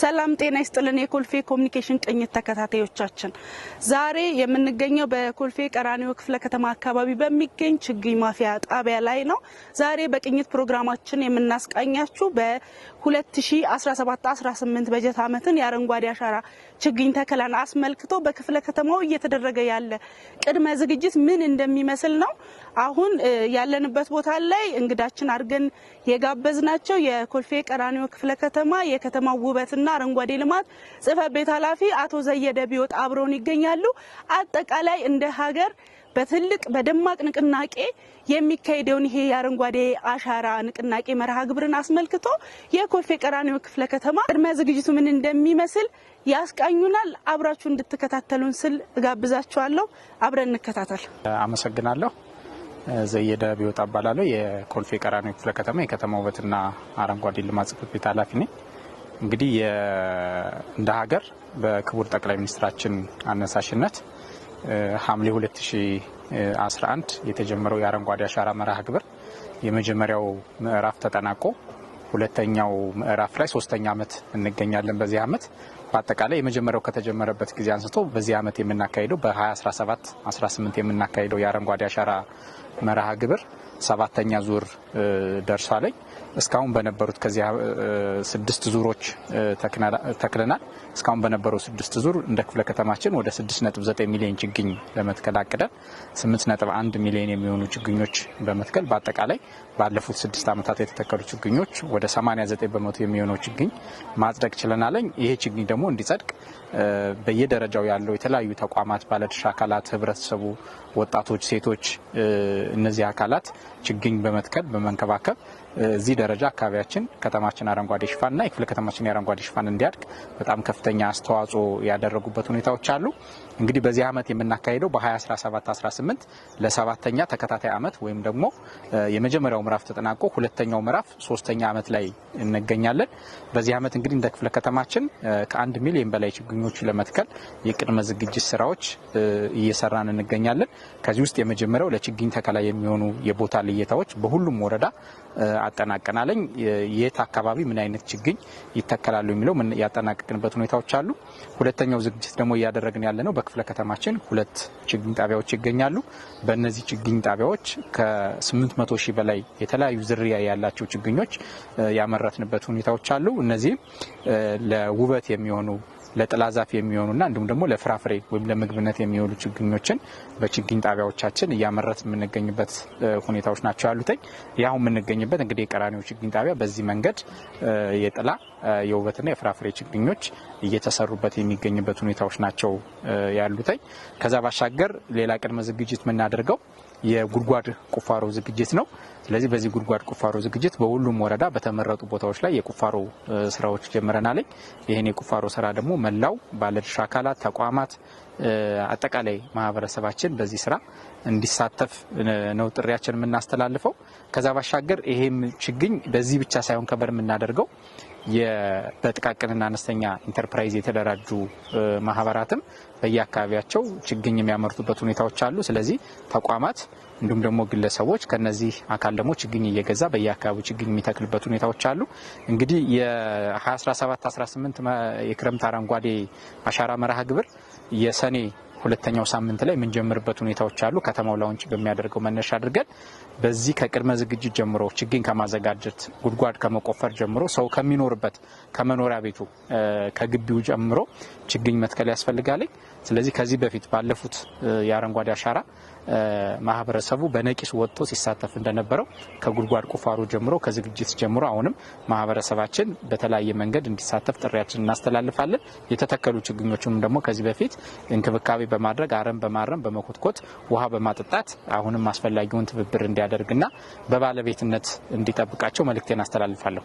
ሰላም ጤና ይስጥልን። የኮልፌ ኮሚኒኬሽን ቅኝት ተከታታዮቻችን ዛሬ የምንገኘው በኮልፌ ቀራኒዮ ክፍለ ከተማ አካባቢ በሚገኝ ችግኝ ማፍያ ጣቢያ ላይ ነው። ዛሬ በቅኝት ፕሮግራማችን የምናስቃኛችሁ በ2017-18 በጀት ዓመትን የአረንጓዴ አሻራ ችግኝ ተከላን አስመልክቶ በክፍለ ከተማው እየተደረገ ያለ ቅድመ ዝግጅት ምን እንደሚመስል ነው። አሁን ያለንበት ቦታ ላይ እንግዳችን አድርገን የጋበዝናቸው የኮልፌ ቀራኒዮ ክፍለ ከተማ የከተማው ውበት እና አረንጓዴ ልማት ጽህፈት ቤት ኃላፊ አቶ ዘየደ ቢወጥ አብረውን ይገኛሉ። አጠቃላይ እንደ ሀገር በትልቅ በደማቅ ንቅናቄ የሚካሄደውን ይሄ የአረንጓዴ አሻራ ንቅናቄ መርሃ ግብርን አስመልክቶ የኮልፌ ቀራኒዮ ክፍለ ከተማ ቅድመ ዝግጅቱ ምን እንደሚመስል ያስቃኙናል። አብራችሁ እንድትከታተሉን ስል እጋብዛችኋለሁ። አብረን እንከታተል። አመሰግናለሁ። ዘየደ ቢወጣ እባላለሁ። የኮልፌ ቀራኒዮ ክፍለ ከተማ የከተማ ውበትና አረንጓዴ ልማት ጽህፈት ቤት ኃላፊ ነኝ። እንግዲህ እንደ ሀገር በክቡር ጠቅላይ ሚኒስትራችን አነሳሽነት ሐምሌ 2011 የተጀመረው የአረንጓዴ አሻራ መርሃ ግብር የመጀመሪያው ምዕራፍ ተጠናቆ ሁለተኛው ምዕራፍ ላይ ሶስተኛ ዓመት እንገኛለን። በዚህ ዓመት በአጠቃላይ የመጀመሪያው ከተጀመረበት ጊዜ አንስቶ በዚህ ዓመት የምናካሄደው በ2017 18 የምናካሄደው የአረንጓዴ አሻራ መርሃ ግብር ሰባተኛ ዙር ደርሷለኝ። እስካሁን በነበሩት ከዚህ ስድስት ዙሮች ተክለናል። እስካሁን በነበረው ስድስት ዙር እንደ ክፍለ ከተማችን ወደ 6.9 ሚሊዮን ችግኝ ለመትከል አቅደን 8.1 ሚሊዮን የሚሆኑ ችግኞች በመትከል በአጠቃላይ ባለፉት ስድስት ዓመታት የተተከሉ ችግኞች ወደ 89 በመቶ የሚሆነው ችግኝ ማጽደቅ ችለናለኝ። ይሄ ችግኝ ደግሞ እንዲጸድቅ በየደረጃው ያለው የተለያዩ ተቋማት፣ ባለድርሻ አካላት፣ ህብረተሰቡ፣ ወጣቶች፣ ሴቶች እነዚህ አካላት ችግኝ በመትከል በመንከባከብ እዚህ ደረጃ አካባቢያችን ከተማችን አረንጓዴ ሽፋንና የክፍለ ከተማችን የአረንጓዴ ሽፋን እንዲያድግ በጣም ከፍተኛ አስተዋጽኦ ያደረጉበት ሁኔታዎች አሉ። እንግዲህ በዚህ ዓመት የምናካሄደው በ2017/18 ለሰባተኛ ተከታታይ ዓመት ወይም ደግሞ የመጀመሪያው ምዕራፍ ተጠናቆ ሁለተኛው ምዕራፍ ሶስተኛ ዓመት ላይ እንገኛለን። በዚህ ዓመት እንግዲህ እንደ ክፍለ ከተማችን ከአንድ ሚሊዮን በላይ ችግኞች ለመትከል የቅድመ ዝግጅት ስራዎች እየሰራን እንገኛለን። ከዚህ ውስጥ የመጀመሪያው ለችግኝ ተከላ የሚሆኑ የቦታ ልየታዎች በሁሉም ወረዳ አጠናቀናለኝ። የት አካባቢ ምን አይነት ችግኝ ይተከላሉ የሚለው ያጠናቀቅንበት ሁኔታዎች አሉ። ሁለተኛው ዝግጅት ደግሞ እያደረግን ያለ ነው። በክፍለ ከተማችን ሁለት ችግኝ ጣቢያዎች ይገኛሉ። በእነዚህ ችግኝ ጣቢያዎች ከ800 ሺህ በላይ የተለያዩ ዝርያ ያላቸው ችግኞች ያመረትንበት ሁኔታዎች አሉ። እነዚህም ለውበት የሚሆኑ ለጥላ ዛፍ የሚሆኑና እንዲሁም ደግሞ ለፍራፍሬ ወይም ለምግብነት የሚውሉ ችግኞችን በችግኝ ጣቢያዎቻችን እያመረት የምንገኝበት ሁኔታዎች ናቸው ያሉትኝ። ያው የምንገኝበት እንግዲህ የቀራኒው ችግኝ ጣቢያ በዚህ መንገድ የጥላ የውበትና የፍራፍሬ ችግኞች እየተሰሩበት የሚገኝበት ሁኔታዎች ናቸው ያሉትኝ። ከዛ ባሻገር ሌላ ቅድመ ዝግጅት የምናደርገው የጉድጓድ ቁፋሮ ዝግጅት ነው። ስለዚህ በዚህ ጉድጓድ ቁፋሮ ዝግጅት በሁሉም ወረዳ በተመረጡ ቦታዎች ላይ የቁፋሮ ስራዎች ጀምረናል። ይህን የቁፋሮ ስራ ደግሞ መላው ባለድርሻ አካላት፣ ተቋማት፣ አጠቃላይ ማህበረሰባችን በዚህ ስራ እንዲሳተፍ ነው ጥሪያችን የምናስተላልፈው። ከዛ ባሻገር ይሄም ችግኝ በዚህ ብቻ ሳይሆን ከበር የምናደርገው በጥቃቅንና አነስተኛ ኢንተርፕራይዝ የተደራጁ ማህበራትም በየአካባቢያቸው ችግኝ የሚያመርቱበት ሁኔታዎች አሉ። ስለዚህ ተቋማት እንዲሁም ደግሞ ግለሰቦች ከነዚህ አካል ደግሞ ችግኝ እየገዛ በየአካባቢው ችግኝ የሚተክልበት ሁኔታዎች አሉ። እንግዲህ የ2017 18 የክረምት አረንጓዴ አሻራ መርሃ ግብር የሰኔ ሁለተኛው ሳምንት ላይ የምንጀምርበት ሁኔታዎች አሉ። ከተማው ላውንጭ በሚያደርገው መነሻ አድርገን በዚህ ከቅድመ ዝግጅት ጀምሮ ችግኝ ከማዘጋጀት ጉድጓድ ከመቆፈር ጀምሮ ሰው ከሚኖርበት ከመኖሪያ ቤቱ ከግቢው ጀምሮ ችግኝ መትከል ያስፈልጋለኝ። ስለዚህ ከዚህ በፊት ባለፉት የአረንጓዴ አሻራ ማህበረሰቡ በነቂስ ወጥቶ ሲሳተፍ እንደነበረው ከጉድጓድ ቁፋሮ ጀምሮ ከዝግጅት ጀምሮ አሁንም ማህበረሰባችን በተለያየ መንገድ እንዲሳተፍ ጥሪያችን እናስተላልፋለን። የተተከሉ ችግኞችንም ደግሞ ከዚህ በፊት እንክብካቤ በማድረግ አረም በማረም በመኮትኮት ውሃ በማጠጣት አሁንም አስፈላጊውን ትብብር እንዲያደርግና በባለቤትነት እንዲጠብቃቸው መልእክቴን አስተላልፋለሁ።